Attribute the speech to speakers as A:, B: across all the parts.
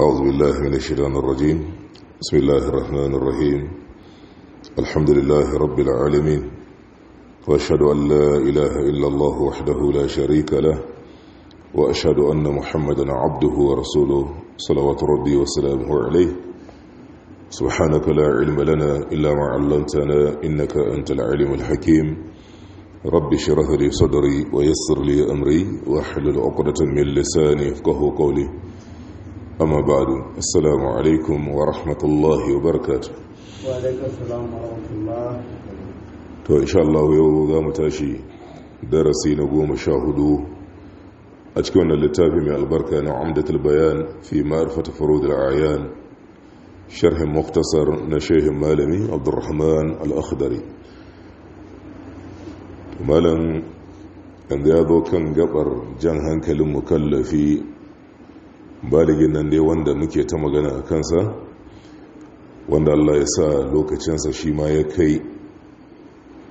A: أعوذ بالله من الشيطان الرجيم بسم الله الرحمن الرحيم الحمد لله رب العالمين وأشهد أن لا إله إلا الله وحده لا شريك له وأشهد أن محمدا عبده ورسوله صلوات ربي وسلامه عليه سبحانك لا علم لنا إلا ما علمتنا إنك أنت العلم الحكيم رب شرح لي صدري ويسر لي أمري وأحلل عقدة من لساني يفقه قولي أما بعد السلام عليكم ورحمة الله Wa وعليكم السلام ورحمة الله to insha yau za mu tashi darasi na goma sha hudu a cikin wannan littafi mai albarka na amdatul bayan fi ma'arfata farud al sharhin muktasar na shehin malami abdurrahman al-akhdari malam yanzu ya zo kan gabar jan hankalin mukallafi baligin nan dai wanda muke ta magana a kansa wanda Allah ya sa lokacinsa shi ma ya kai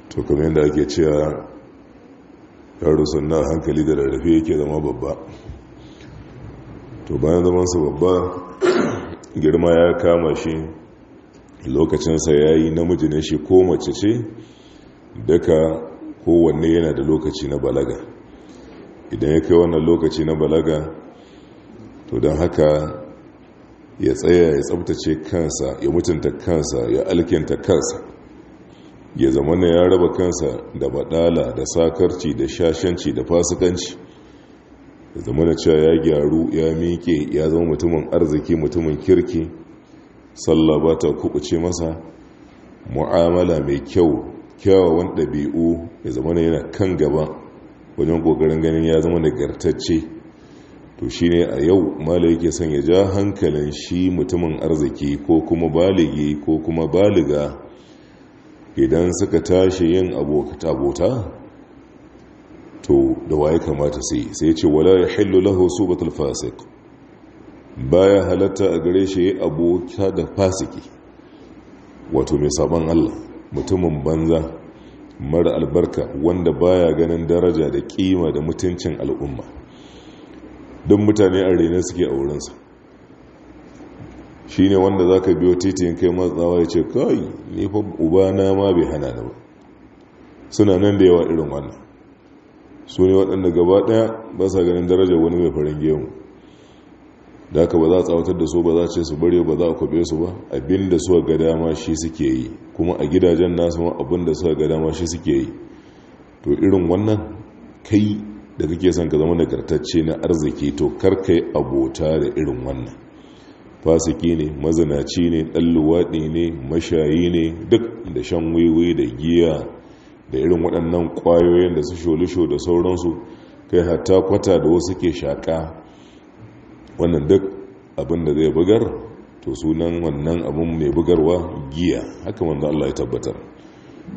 A: to kuma yadda ake cewa yaro na hankali da rarrafe yake zama babba to bayan zamansa babba girma ya kama shi lokacinsa ya yi namiji ne shi ko mace ce daga kowanne yana da lokaci na balaga idan ya kai wannan lokaci na balaga to don haka ya tsaya ya tsabtace kansa ya mutunta kansa ya alkinta kansa ya zama na ya raba kansa da baɗala, da sakarci da shashanci da fasikanci ya zama na cewa ya gyaru ya miƙe ya zama mutumin arziki mutumin kirki sallah ba ta kuɓuce masa mu'amala mai kyau kyawawan ɗabi'u ya zama yana kan gaba wajen ƙoƙarin ganin ya zama nagartacce to shi ne a yau mala yake son ya ja hankalin shi mutumin arziki ko kuma baligi ko kuma baliga idan suka tashi yin abota to da waye kamata sai sai ce wala ya hillu lahu al fasiq baya halatta a gare shi abota da fasiki wato mai saban Allah mutumin banza mara albarka wanda baya ganin daraja da kima da mutuncin al'umma don mutane a raina suke a wurinsa shi ne wanda za ka biyo titin kai matsawa ya ce kai nifa na ma bai hana na ba suna nan da yawa irin wannan su ne waɗanda gaba ɗaya ba sa ganin darajar wani mai farin gemu da aka ba za a tsawatar da su ba za a ce su bari ba za a kwabe su ba abin da suwa ga dama shi suke yi kuma a gidajen nasu ma abin da suwa ga dama shi suke yi to irin wannan kai da kake son ka zama nagartacce na arziki to karkai abota da irin wannan fasiki ne mazanaci ne ɗan luwaɗi ne mashayi ne duk da shan wiwi da giya da irin waɗannan ƙwayoyin da su sholisho da sauransu kai hatta kwata da wasu ke shaƙa wannan duk abin da zai bugar to sunan wannan abin mai bugarwa giya haka wanda Allah ya tabbatar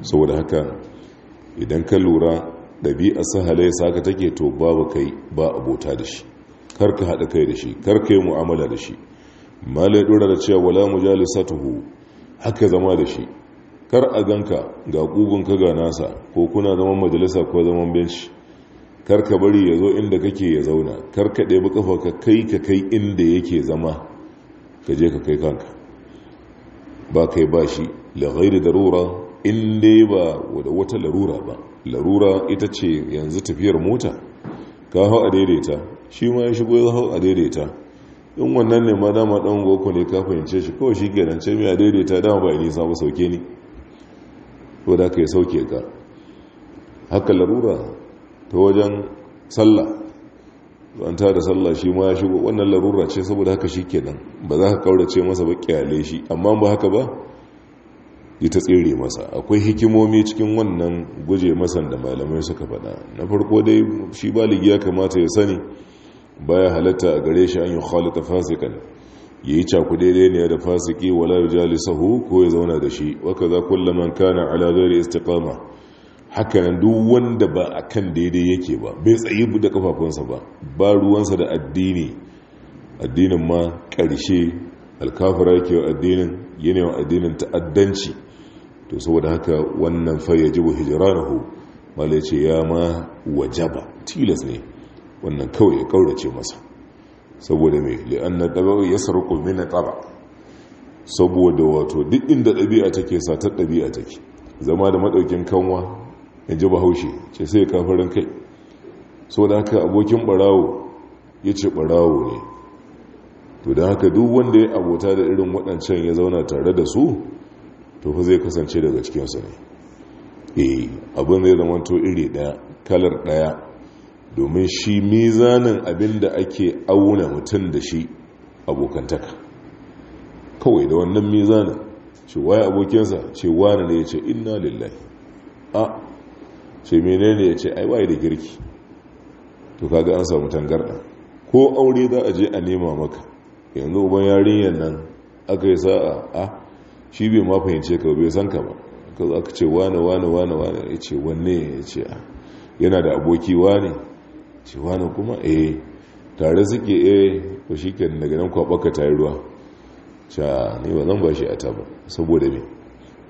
A: saboda haka idan ka lura halayya sahalai ka take to babu kai ba abota da shi kar ka haɗa kai da shi kar ka yi mu'amala da shi malai ɗora da cewa wala mu hu." haka zama da shi kar a ganka ga ka ga nasa ko kuna zaman majalisa ko zaman benci kar ka bari ya zo inda kake ya zauna kar ka ɗebi ƙafa ka kai ka kai inda yake zama ka je ka kai kanka ba kai ba shi la ghairi darura in dai ba da wata larura ba larura ita ce yanzu tafiyar mota ka hau a daidaita shi ma ya shigo ya hau a daidaita in wannan ne ma dama ɗan goko ne ka fahimce shi kawai shi kenan ce mai a daidaita dama ba nisa ba sauke ne. Ko da ka yi sauke ka haka larura ta wajen sallah an da sallah shi ma ya shigo wannan larura ce saboda haka shi kenan ba za ka kaurace masa ba kyale shi amma ba haka ba ta tsere masa akwai hikimomi cikin wannan guje masan da malamai suka faɗa na farko dai shi baligi ya kamata ya sani baya halatta a gare shi an yi fasikan ya yi caku daidai ne da fasiki wala ya jali sahu ko ya zauna da shi waka za kullaman kana ala gairi istiqama hakanan duk wanda ba a kan daidai yake ba bai tsayi da kafafunsa ba ba ruwansa da addini addinin ma ƙarshe alkafura yake wa addinin yana wa addinin ta'addanci to saboda haka wannan fayyajibu hijranahu wale ce ya ma wajaba tilas ne wannan kawai ya kaurace masa saboda mai na dabawi ya sarko mina taba saboda wato duk inda ɗabi'a take satar ɗabi'a take zama da maɗaukin kanwa in ji bahaushe ce sai kafarin kai saboda haka abokin ɓarawo ya ce ɓarawo ne to don haka duk wanda ya abota da irin waɗancan ya zauna tare da su to fa zai kasance daga cikinsu ne eh abin zai zama to iri ɗaya kalar ɗaya domin shi mizanin abin da ake auna mutum da shi abokantaka kawai da wannan mizanin ce waye abokinsa ce wani ne ya ce inna lillahi a ce menene ya ce ai waye da girki to kaga an samu tangarɗa ko aure za a je a nema maka yanzu uban yarinyar nan aka yi sa'a a shi bai ma fahimce ka bai san ka ba ka aka ce wane wane wane wane ya ce wanne ya ce a yana da aboki wane ce wane kuma eh tare suke eh ba shi ke daga nan kwabaka ta yi ruwa ca ni ba zan ba shi a taba saboda me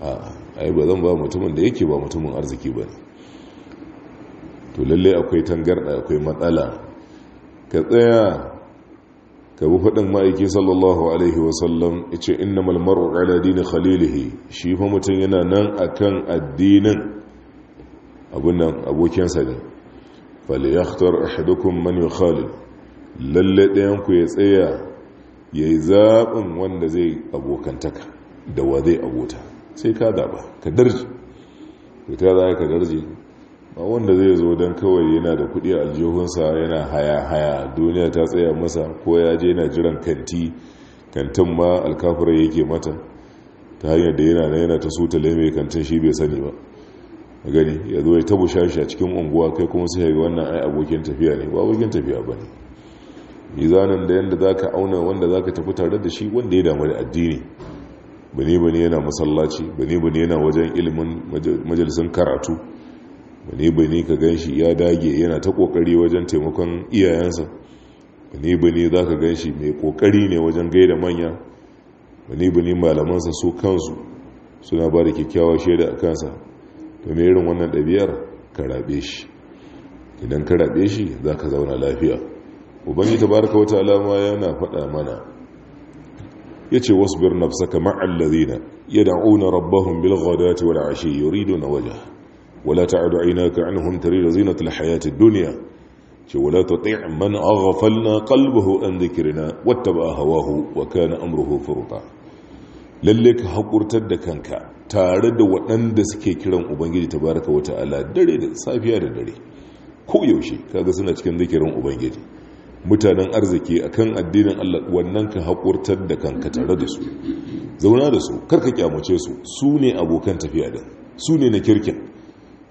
A: a ai ba zan ba mutumin da yake ba mutumin arziki ba ne to lalle akwai tangarɗa akwai matsala ka tsaya bi faɗin ma'aiki sallallahu alaihi wasallam ya ce inna malmaru ala dini khalilihi shi fa mutum yana nan akan addinin abin abokinsa ne faliyaktar ahadukum man yi khalil lalle ku ya tsaya ya yi zaɓin wanda zai abokantaka da wa zai abota sai ka zaɓa ka darji ta ka darji ba wanda zai zo don kawai yana da kudi a aljihunsa yana haya-haya duniya ta tsaya masa ko ya je yana jiran kanti kantin ma alkafirai yake mata ta hanyar da yana na yana ta suta laimai kantin shi bai sani ba a gani ya zo ya tabu shashi a cikin unguwa kai kuma sai ga wannan ai abokin tafiya ne ba abokin tafiya ba ne mizanin da yadda za ka auna wanda za ka tafi tare da shi wanda ya damu da addini bane bane yana masallaci bane bane yana wajen ilimin majalisun karatu bane bane ka ganshi ya dage yana ta kokari wajen taimakon iyayensa bane bane za ka ganshi mai kokari ne wajen gaida manya bane bane malamansa su kansu suna ba da kyakkyawa shaida a kansa Ta irin wannan ɗabi'ar ka raɓe shi idan ka raɓe shi za ka zauna lafiya ubangi ta baraka wata alama yana faɗa mana ya ce wasu birnin saka ma'allazina ya da'una rabbahun bilghadati wani ashi yori na waje wala ta'adu aynaka anhum tarida zinatul hayatid dunya ce wala tuti' man aghfalna qalbahu an dhikrina wattaba hawahu wa kana amruhu furta lalle ka hakurtar da kanka tare da waɗanda suke kiran ubangiji tabaraka wa ta'ala dare da safiya da dare ko yaushe ga suna cikin zikirin ubangiji mutanen arziki akan addinin Allah wannan ka hakurtar da kanka tare da su zauna da su kar ka kyamace su su ne abokan tafiya din su ne na kirkin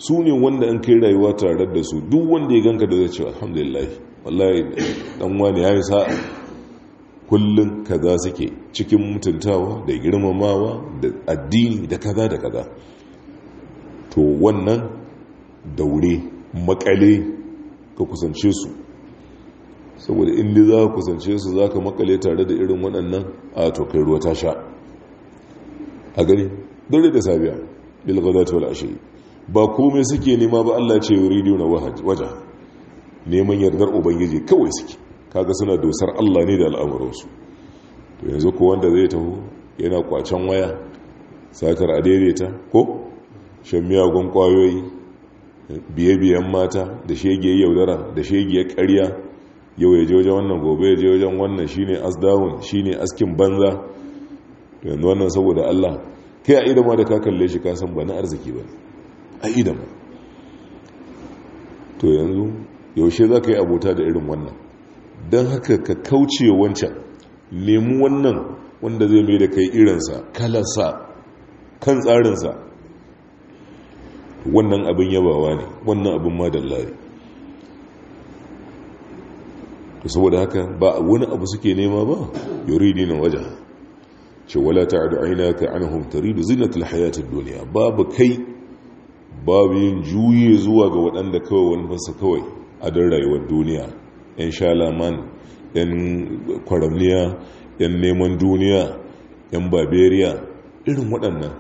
A: su ne wanda an kai rayuwa tare da su duk wanda ya ganka da zai ce alhamdulillah wallahi dan wani ya yi sa'a kullum kaza suke cikin mutuntawa da girmamawa da addini da kaza da kaza to wannan daure makale ka kusance su saboda inda za ka kusance su za ka makale tare da irin waɗannan a tokai ruwa ta sha a gani dare da sabiya bilgazatuwar ashirin ba komai suke nema ba Allah ce rediyo na waje neman yardar ubangiji kawai suke kaga suna dosar Allah ne da al'amuransu to yanzu ko wanda zai taho yana kwacen waya satar a daidaita ko shan miyagun kwayoyi biye-biyen mata da shege yaudara da shege karya yau ya je wajen wannan gobe ya je wajen wannan shine asdawun shine askin banza yanzu wannan saboda Allah kai a idan ma da ka kalle shi ka san ba na arziki ba a idan to yanzu yaushe za ka yi abota da irin wannan don haka ka kauce wancan nemi wannan wanda zai mai da kai irinsa kalarsa kan tsarinsa wannan abin yabawa ne wannan abin madalla to saboda haka ba wani abu suke nema ba yuridi na waje ce wala ta'adu ainaka anhum taridu zinatul hayatid duniya? babu kai babu yin juye zuwa ga waɗanda kawai wani fasa kawai a don rayuwar duniya yan shalaman yan kwaramniya yan neman duniya yan barbariya irin waɗannan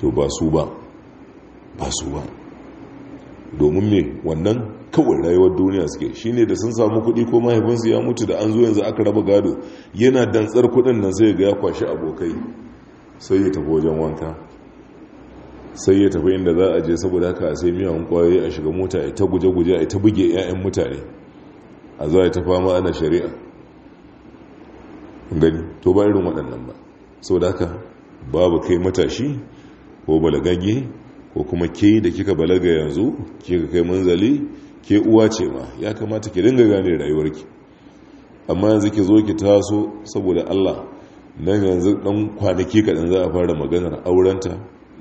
A: to ba su ba ba su ba domin me wannan kawai rayuwar duniya suke shi ne da sun samu kuɗi ko mahaifinsu ya mutu da an zo yanzu aka raba gado yana dantsar kuɗin nan sai ga ya kwashi abokai sai ya tafi wajen wanka sai ya tafi inda za a je saboda haka a sai miyawan kwaye a shiga mota ya ta guje-guje a ta buge 'ya'yan mutane a za a ta fama shari'a gani to ba irin waɗannan ba saboda haka babu kai matashi ko balagage ko kuma ke da kika balaga yanzu kika kai manzali ke uwa ce ma ya kamata ki dinga gane rayuwarki amma yanzu ki zo ki taso saboda Allah nan yanzu dan kwanaki kaɗan za a fara maganar aurenta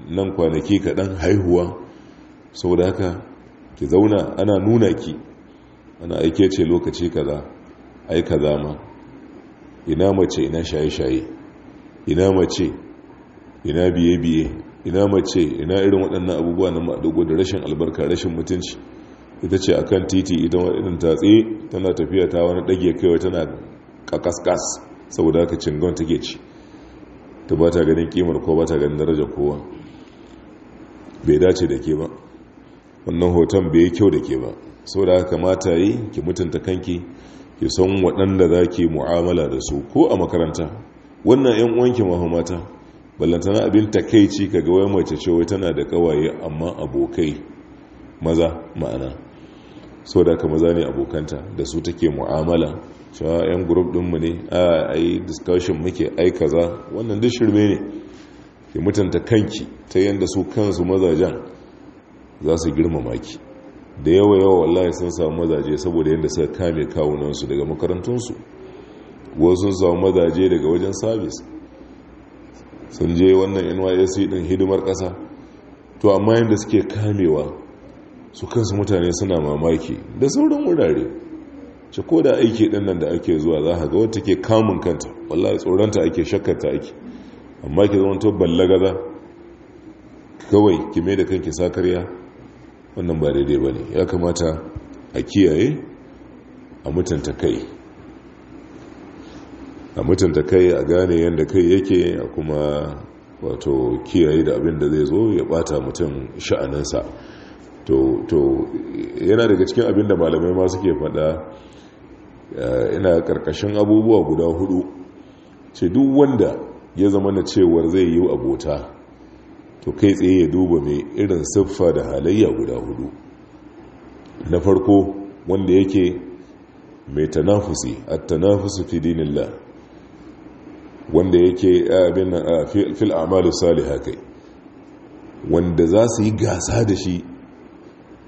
A: nan kwanaki kaɗan haihuwa da haka ki zauna ana nuna ki ana aike ce lokaci kaza ai kaza ma ina mace ina shaye-shaye ina mace ina biye-biye ina mace ina irin waɗannan abubuwa na maɗogo da rashin albarka rashin mutunci ita ce akan titi idan waɗannan tatsi tana tafiya ta wani ɗage kaiwa tana kakaskas saboda haka cingon take ci ta ba ta ganin ƙimar, ko ba ta ganin darajar kowa bai dace da ke ba wannan hoton bai yi kyau da ke ba sau da kamata yi ki mutunta kanki ki san waɗanda za ki mu'amala da su ko a makaranta wannan 'yan uwanki mahammata ballantana abin takaici ka ga wai mace ce wai tana da kawaye amma abokai maza ma'ana sau da ka maza ne abokanta da su take mu'amala cewa 'yan gurub ɗinmu ne a yi discussion muke aika za wannan duk ne ki mutunta kanki ta yadda su kansu mazajen za su girmama ki da yawa yawa wallahi sun samu mazaje saboda yadda suka kame kawunansu daga makarantunsu wasu sun samu mazaje daga wajen sabis sun je wannan nysc din hidimar ƙasa to amma yadda suke kamewa su kansu mutane suna mamaki da sauran wurare ce ko da aiki ɗin nan da ake zuwa za ga wata ke kamun kanta wallahi tsoronta ake ta ake amma ki zama to ballagaza kawai ki mai da kanki sakarya wannan ba daidai ba ne ya kamata a kiyaye a mutunta kai a mutunta kai a gane yadda kai yake a kuma wato kiyaye da abin da zai zo ya bata mutum sha'aninsa to yana daga cikin abin da malamai ma suke faɗa eh, ina ƙarƙashin abubuwa guda hudu ce duk wanda ya zama na cewar zai yi abota to kai tsaye ya duba mai irin siffa da halayya guda hudu na farko wanda yake mai tanafusi a tanafusi fi dinillah wanda yake abin fil amalu Saliha kai wanda za su yi gasa da shi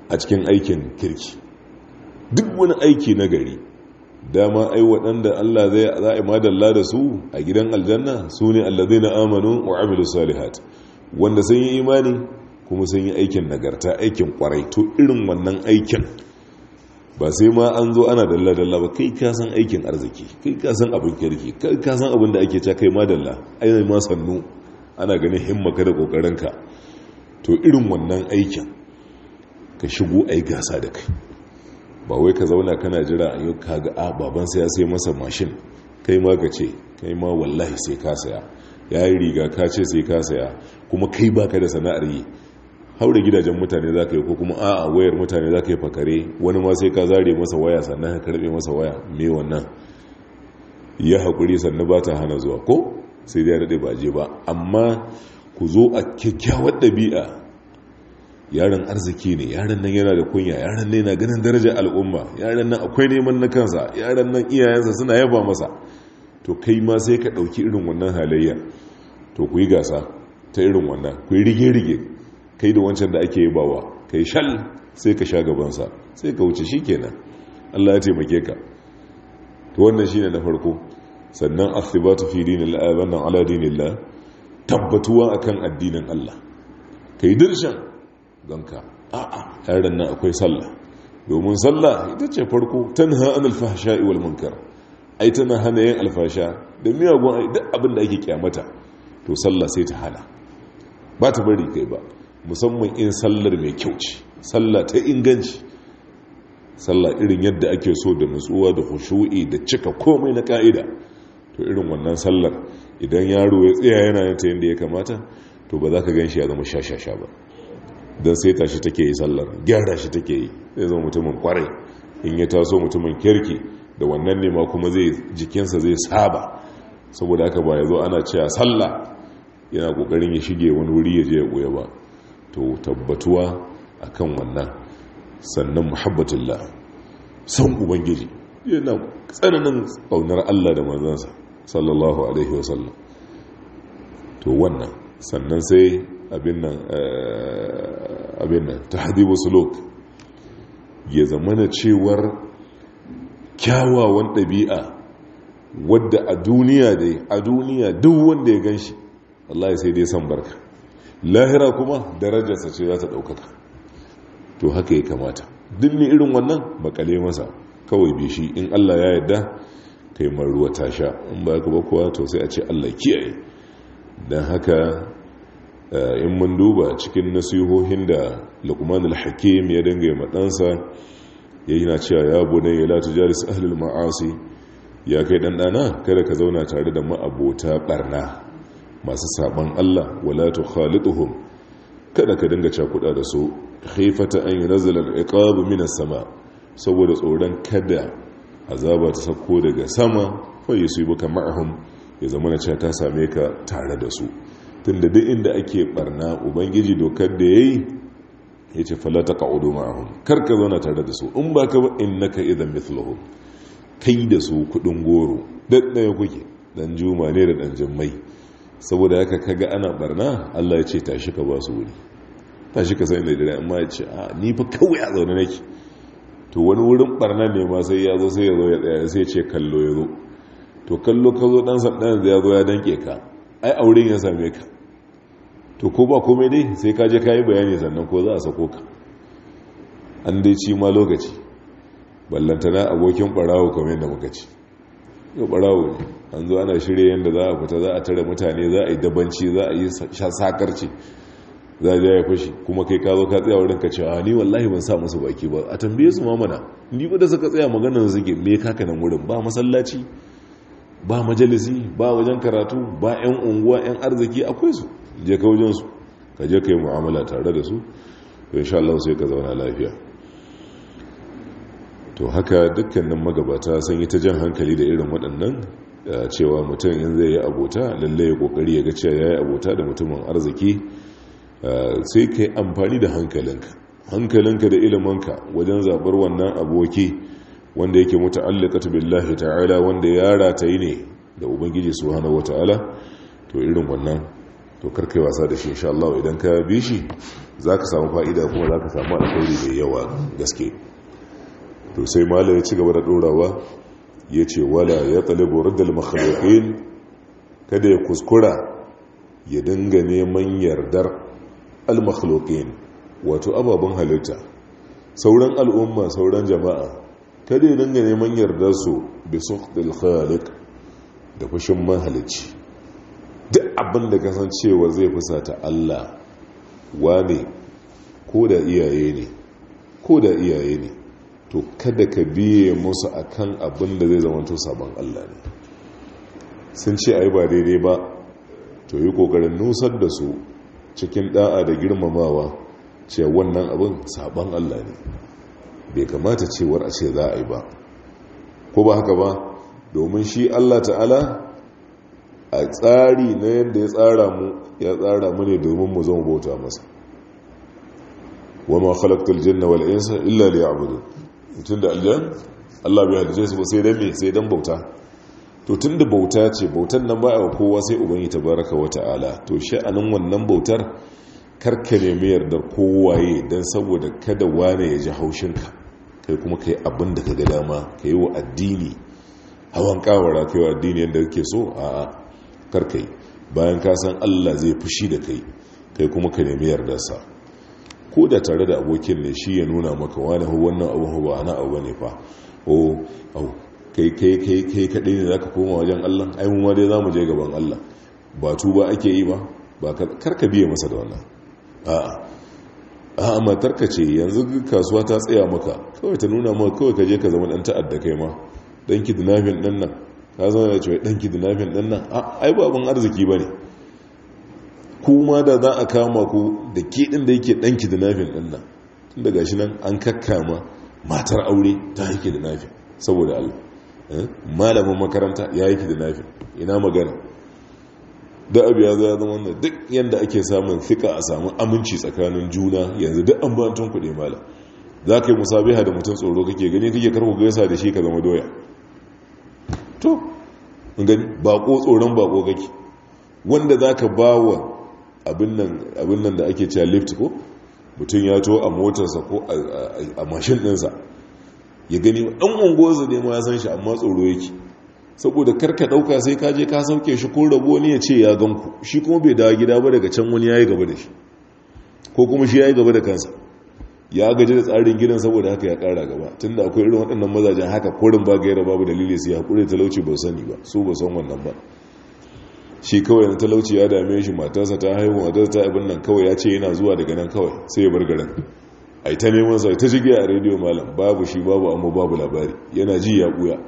A: a cikin aikin kirki duk wani aiki na gari dama ai waɗanda Allah zai za a madalla da su a gidan aljanna su ne allazai na amanu wa amilu salihat wanda sun yi imani kuma sun yi aikin nagarta aikin kwarai to irin wannan aikin ba sai ma an zo ana dalla-dalla ba kai ka san aikin arziki kai ka san abin kirki kai ka san abin da ake ta kai madalla ai ma sannu ana ganin himmaka da kokarinka to irin wannan aikin ka shigo ai gasa da kai ba wai ka zauna kana jira a yi kaga a babansa ya sai masa mashin kai ma ka ce kai ma wallahi sai ka saya ya yi riga ka ce sai ka saya kuma kai ba ka da sana'ar yi haure gidajen mutane za ka yi ko kuma a'a wayar mutane za ka yi fakare wani ma sai ka zare masa waya sannan ka karbe masa waya me wannan ya haƙuri sannan ba ta hana zuwa ko sai dai ya daɗe ba je ba amma ku zo a kyakkyawar ɗabi'a yaron arziki ne yaron nan yana da kunya yaron nan yana ganin darajar al'umma yaron nan akwai neman na kansa yaron nan iyayensa suna yaba masa to kai ma sai ka ɗauki irin wannan halayya to ku yi gasa ta irin wannan ku yi rige-rige kai da wancan da ake yabawa kai shal sai ka sha gabansa sai ka wuce shi kenan allah ya taimake ka to wannan shine na farko sannan asibatu fi dinillah wannan ala dinillah tabbatuwa akan addinin allah kai dirshan Ganka a'a yaran nan akwai sallah domin sallah ita ce farko tanha an alfasha wal munkar ai tana hana yin alfasha da miyagun duk abin da ake kyamata to sallah sai ta hana ba ta bari kai ba musamman in sallar mai kyau ce sallah ta inganci sallah irin yadda ake so da nutsuwa da khushu'i da cika komai na ka'ida to irin wannan sallar idan yaro ya tsaya yana ta yadda ya kamata to ba za ka gan shi ya zama shashasha ba don saita shi take yi sallar gyara shi take yi zai zama mutumin kwarai in ya taso mutumin kirki da wannan nema kuma zai jikinsa zai saba saboda aka ba ya zo ana a sallah yana kokarin ya shige wani wuri ya je ya goya ba to tabbatuwa a kan wannan sannan muhabbatullah san ubangiji yana tsananin kaunar Allah da manzansa sallallahu alaihi wasallam to wannan sannan sai abin nan eh, abin nan ta tahdibu sulok ya zamana cewar kyawawan ɗabi'a wadda a duniya dai a duniya duk wanda ya gan shi Allah sai dai san barka lahira kuma darajarsa ce za ta ɗaukaka to haka ya kamata duk ne irin wannan makale masa kawai bi shi in Allah ya yarda kai ruwa ta sha in ba ka ba kowa to sai a ce Allah kiyaye don haka Eh, in mun duba cikin nasihohin da lukman al-hakim ya dinga yi ɗansa ya yi na cewa ya bune ya lati jaris ahlul ma'asi ya kai ɗanɗana kada ka zauna tare da ma'abota ɓarna masu saɓan allah wala tu khalituhum kada ka dinga cakuɗa da su haifata an yi nazalar iqabu minas sama saboda tsoron kada azaba ta sauko daga sama fa buka ma'ahum ya zama na cewa ta same ka tare da su tunda duk inda ake barna ubangiji dokar da yayi yace fala qa'udu ma'ahum kar ka zauna tare da su in ba ka ba innaka idan mithluhum kai da su kudin goro daddaya kuke dan juma ne da dan jummai saboda haka kaga ana barna Allah yace ce tashi ka ba su wuri tashi ka sai da dare amma yace a ni fa kawai a zauna nake to wani wurin barna ne ma sai ya zo sai ya zo ya tsaya sai ya ce kallo ya zo to kallo ka zo dan sandan ya zo ya danke ka ai auren ya same ka to ko ba komai dai sai ka je ka bayani sannan ko za a sako ka an dai ci ma lokaci ballantana abokin barawo kamar yadda muka ci Yau barawo ne an zo ana shirya yadda za a fita za a tare mutane za a yi dabanci za a yi sakarci za a ya fashi kuma kai ka zo ka tsaya wurin ka cewa ni wallahi ban sa musu baki ba a tambaye su mamana ni ba da suka tsaya maganar suke me kaka nan wurin ba masallaci ba majalisi ba wajen karatu ba yan unguwa yan arziki akwai su je ka wajensu ka je ka yi mu'amala tare da su to insha Allah sai ka zauna lafiya to haka dukkanin magabata sun yi ta jan hankali da irin waɗannan cewa mutum in zai yi abota lalle ya kokari ya ga cewa ya yi abota da mutumin arziki sai ka yi amfani da hankalinka hankalinka da ilimanka wajen zabar wannan aboki wanda yake muta'alliqatu billahi ta'ala wanda ya yi ne da ubangiji subhanahu wata'ala to irin wannan to karkai wasa da shi insha Allah idan ka bi shi za ka samu fa'ida kuma za ka samu alkhairi mai yawa gaske to sai malam ya ci gaba da ɗorawa ya ce wala ya talibu raddal makhluqin kada ya kuskura ya dinga neman yardar al wato ababen halitta sauran al'umma sauran jama'a kada ya dinga neman yardar su bi suqtil khaliq da fushin mahalici duk abin da cewa zai fusata Allah wane ko da iyaye ne ko da iyaye ne to kada ka biye musu akan abin da zai zamanto sabon Allah ne sun ce ai ba daidai ba to yi kokarin nusar da su cikin da'a da girmamawa ce wannan abin sabon Allah ne bai kamata cewar a ce za a yi ba ko ba haka ba domin shi Allah ta'ala a tsari na yadda ya tsara mu ya tsara mu ne domin mu zama bauta masa wa ma khalaqtul janna wal insa illa liya'budun tunda da aljan Allah bai halice su ba sai dan me sai dan bauta to tun da bauta ce bautan nan ba a kowa sai ubangi tabaraka wa ta'ala to sha'anin wannan bautar karka nemi yardar kowaye don saboda kada wane ya ji haushin ka, kai kuma kai abin da ka ga dama ka yi wa addini hawan kawara kai wa addini yanda kake so a'a karkai bayan ka san Allah zai fushi da kai kai kuma ka nemi yardarsa ko da tare da abokin ne shi ya nuna maka wani hu wannan abu ba na abu ne fa o au kai kai kai kai kadai ne zaka koma wajen Allah ai mu ma dai zamu je gaban Allah ba tuba ake yi ba ba ka biye masa da wannan a'a a matar ka ce yanzu kasuwa ta tsaya maka kawai ta nuna maka kawai ka je ka zama dan ta'adda kai ma dan kidnapping din nan ka zama da cewa ɗan lafiyan ɗan nan ah, ai ba abin arziki ba ne kuma da za a kama ku da ke ɗin da yake da lafiyan ɗan nan tun daga shi nan an kakkama matar aure ta yi lafiyan saboda allah eh, malamin makaranta ya yi lafiyan ina magana da abu ya zama wannan duk yadda ake samun fika a samu aminci tsakanin juna yanzu duk an ba tun kuɗi malam za ka yi musabiha da mutum tsoro kake gani kake karko gaisa da shi ka zama doya to gani bako tsoron bako kake wanda za ka ba wa abin nan da ake cewa lift ko mutum ya to a motarsa ko a mashin ɗinsa ya gani ɗan ungozu ne ma ya san shi amma tsoro yake saboda karka ɗauka sai ka je ka sauke shi ko rabo ne ya ce ya ganku shi kuma bai dawo gida ba daga can wani ya yi gaba da shi ko kuma shi ya yi gaba da kansa ya gaji da tsarin gidan saboda haka ya kara gaba tunda akwai irin waɗannan mazajen haka korin ba gaira babu dalili su ya haƙuri talauci ba sani ba su ba san wannan ba shi kawai na talauci ya dame shi matarsa ta haihu matarsa ta abin nan kawai ya ce yana zuwa daga nan kawai sai ya bar garin a ta neman sa ta jigiya a rediyo malam babu shi babu amma babu labari yana ji ya ɓuya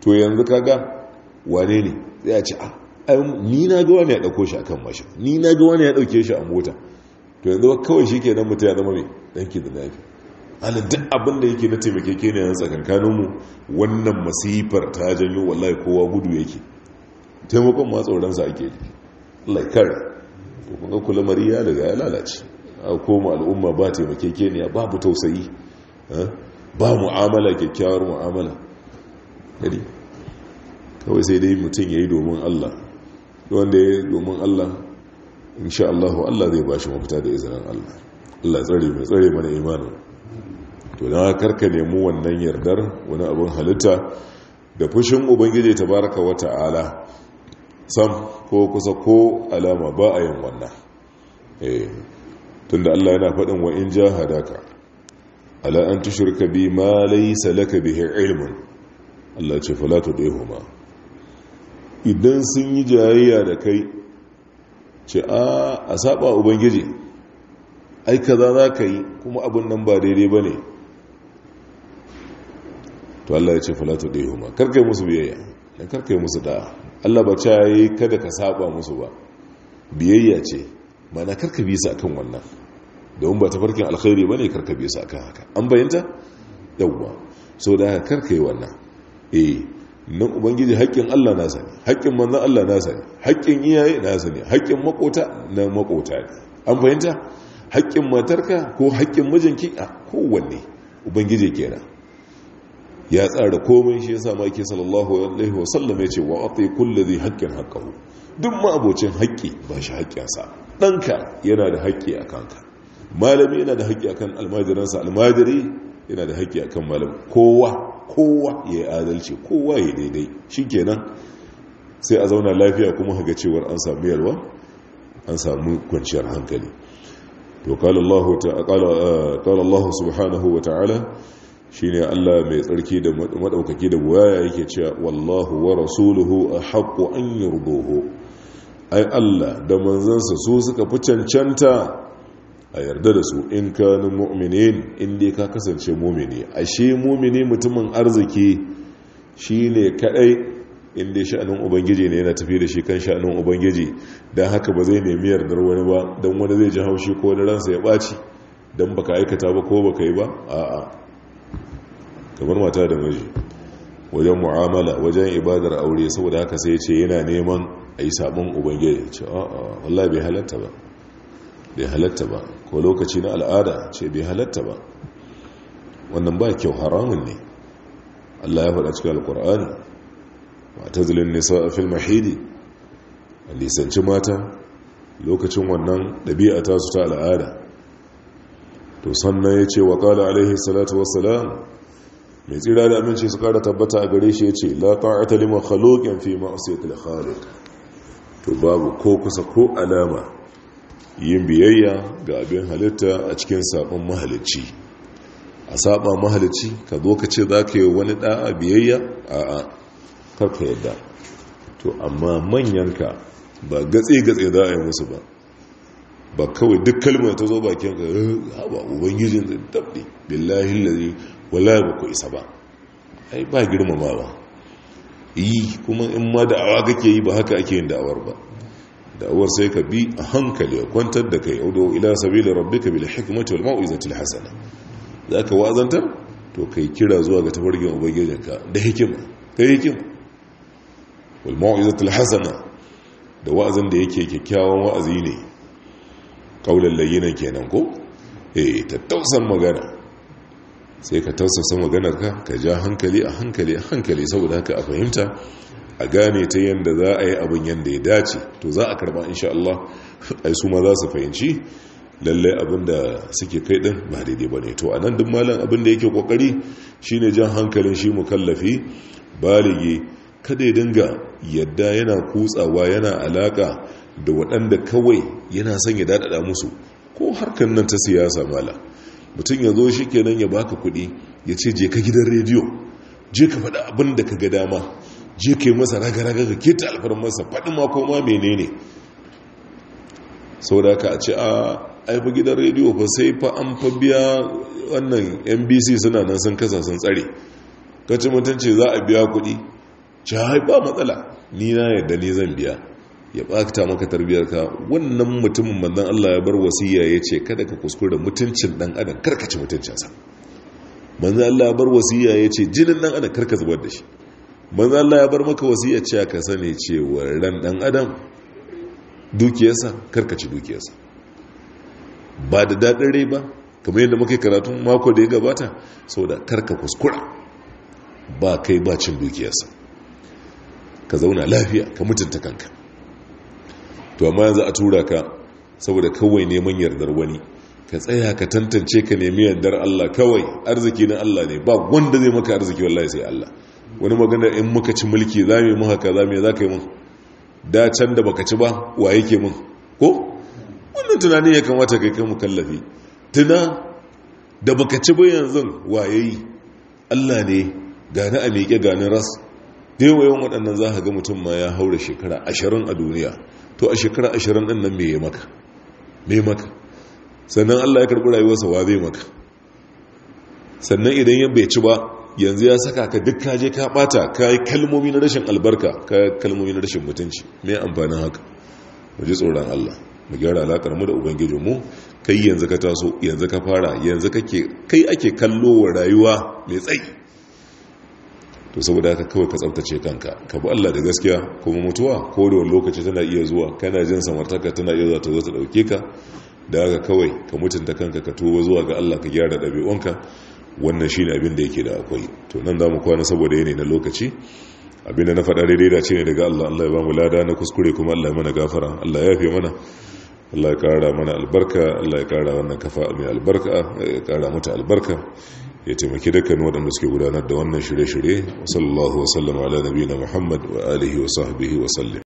A: to yanzu kaga wane ne sai a ce a ah, ni na ga wani ya ɗauko shi akan mashin ni na ga wani ya ɗauke shi a mota to yanzu kawai shi ke nan mutu ya zama mai ɗanki da lafi ana duk abin da yake na ke ne a tsakankaninmu wannan masifar ta janyo wallahi kowa gudu yake taimakon ma tsoronsa ake yi laikar to ga kula mariya daga ya lalace a koma al'umma ba ke ne babu tausayi eh? ba mu'amala kyakkyawar mu'amala gari kawai sai dai mutum ya yi domin allah wanda ya yi domin allah insha allahu Allah zai ba shi mafita da izinin Allah Allah tsare mai tsare mana imanin to don karka nemi wannan yardar wani abin halitta da fushin ubangiji ta baraka wata ala, sam ko kusa ko alama ba a yin wannan eh, tunda Allah yana faɗin wa in jahadaka ala an shirka bi ma laysa laka bihi ilmun Allah ce fala tudihuma idan sun yi jayayya da kai ce a saba ubangiji ai kaza za ka yi kuma abin nan ba daidai ba ne to Allah ya ce falatu ɗaya huma karkai musu biyayya da karkai musu da Allah ba ca yi kada ka saba musu ba biyayya ce mana karka bi su akan wannan domin ba ta farkin alkhairi ba ne karka bi su akan haka an bayanta yawwa so da haka karka yi wannan eh nan ubangiji haƙƙin Allah na sani haƙƙin manzan Allah na sani haƙƙin iyaye na sani haƙƙin makota na makota ne an bayanta haƙƙin matarka ko haƙƙin mijinki a kowanne ubangiji kenan ya tsara komai shi yasa maki sallallahu alaihi wasallam yace wa ati kulli dhi haqqin haqqahu duk ma abocin haƙƙi ba shi haƙƙinsa ɗanka yana da haƙƙi a kanka malami yana da haƙƙi akan almajiransa almajiri yana da haƙƙi akan malami kowa kowa ya yi adalci kowa ya daidai shikenan sai a zauna lafiya kuma haga cewar an samu yalwa an samu kwanciyar hankali to kala Allah eh, subhanahu wa ta'ala shi ne Allah mai tsarki da maɗaukaki da buwaya yake cewa wallahu wa rasuluhu a an yi ai Allah da manzansa su suka fi cancanta a yarda da su in kanin mu'minin inda ka kasance mumini ashe mumini mutumin arziki shi ne kaɗai inda sha'anin ubangiji ne yana tafi da shi kan sha'anin ubangiji don haka ba zai nemi yardar wani ba don wani zai ji haushi ko wani ransa ya ɓaci don baka aikata ba ko baka yi ba a' kamar mata da miji wajen mu'amala wajen ibadar aure saboda haka sai ce yana neman a yi sabon ubangiji ce a'a wallah bai halatta ba bai halatta ba ko lokaci na al'ada ce bai halatta ba wannan ba kyau haramun ne Allah ya faɗa cikin alkur'ani ta nisa a filma a lisanci mata lokacin wannan ɗabi'a ta su ta al'ada to sannan ya ce wa ƙala alaihi salatu wassalam mai tsira da aminci su ƙara tabbata a gare shi ya ce laƙa a talimar halokin fi ma'asai kalhalik to babu ko kusa ko alama yin biyayya ga abin halitta a cikin saƙon mahalicci a saɓa mahalicci ka zo ka ce za ka yi wani ɗa'a biyayya a'a karka yadda to amma ka ba gatsi-gatsi za a yi musu ba ba kawai duk kalmar ta zo bakin ka ah, ba ubangijin da dabbe billahi lalzi wala ba ku isa ba ai ba girmama ba yi kuma in ma da'awa kake yi ba haka ake yin da'awar ba da'awar sai ka bi a hankali kwantar da kai audo ila sabila rabbika bil hikmati wal mau'izati al hasana zaka wazantar to kai kira zuwa ga tabargin ubangijinka da hikima kai hikima walmau'izatul hasana da wa'azin da yake kyakkyawan wa'azi ne kaulan layyina kenan ko eh tattausan magana sai ka tausasa maganar ka ka ja hankali a hankali a hankali saboda haka a fahimta a gane ta yadda za a yi abin yadda ya dace to za a karba insha Allah ai su ma za su fahimci lallai abin da suke kai din ba daidai ba ne to a nan duk malam abin da yake kokari shine jan hankalin shi mukallafi baligi kada ya dinga yadda yana kutsawa yana alaka da waɗanda kawai yana son ya daɗaɗa musu ko harkar nan ta siyasa mala mutum ya zo shi kenan ya baka kuɗi ya ce je ka gidan rediyo je ka faɗi abin da ka ga dama je ka yi masa raga-raga ka keta masa faɗi ma koma menene sau da ka ce a aifa gidan rediyo fa sai fa an fa biya wannan nbc suna nan sun kasa sun tsare kacin mutunci za a biya kuɗi ci ba matsala ni na yadda ni zan biya ya ɓakta maka ka wannan mutumin manzan Allah ya bar wasiya ya ce kada ka kuskure mutuncin ɗan adam karkaci mutuncinsa manzan Allah ya bar wasiya ya ce jinin dan adam karka zubar da shi manzan Allah ya bar maka wasiya ce ka sani cewa ran ɗan adam dukiyarsa karkaci dukiyarsa ba da daɗin rai ba kamar yadda muka karatun mako da ya gabata sau karka kuskura ba kai ba cin dukiyarsa ka zauna lafiya ka mutunta kanka to amma yanzu a tura ka saboda kawai neman yardar wani ka tsaya ka tantance ka nemi yardar Allah kawai arziki na Allah ne ba wanda zai maka arziki wallahi sai Allah wani magana in muka ci mulki za mu yi mun haka za mu za ka mun da can da baka ci ba wa yake mun ko wannan tunani ya kamata kai kai mukallafi tuna da baka ci ba yanzu wayayi yi Allah ne gani a miƙe gani ras da yawa yawan waɗannan za ka ga mutum ma ya haura shekara ashirin a duniya to a shekara ashirin ɗin nan mai maka mai maka sannan allah ya karɓi rayuwarsa wa zai maka sannan idan ya bai ci ba yanzu ya saka ka duk kaje ka ɓata ka yi kalmomi na rashin albarka ka yi kalmomi na rashin mutunci mai amfanin haka mu ji tsoron allah mu gyara alaƙar mu da Ubangijin mu, kai yanzu ka taso yanzu ka fara yanzu kake kai ake kallo wa rayuwa mai tsayi to saboda haka kawai ka tsabtace kanka ka bi Allah da gaskiya kuma mutuwa ko da wani lokaci tana iya zuwa kana jin samartaka tana iya zuwa ta zo ta dauke ka da haka kawai ka mutunta kanka ka tuba zuwa ga Allah ka gyara ɗabi'unka wannan shine abin da yake da akwai to nan zamu kwana saboda yanayi na lokaci abin da na faɗa daidai da ce ne daga Allah Allah ya ba lada na kuskure kuma Allah ya mana gafara Allah ya yafe mana Allah ya kara mana albarka Allah ya kara wannan kafa mai albarka ya kara mata albarka ya taimaki dukkan waɗanda suke gudanar da wannan shirye-shirye sallallahu wasallama ala nabi na muhammad wa alihi wa sahbihi wa sallim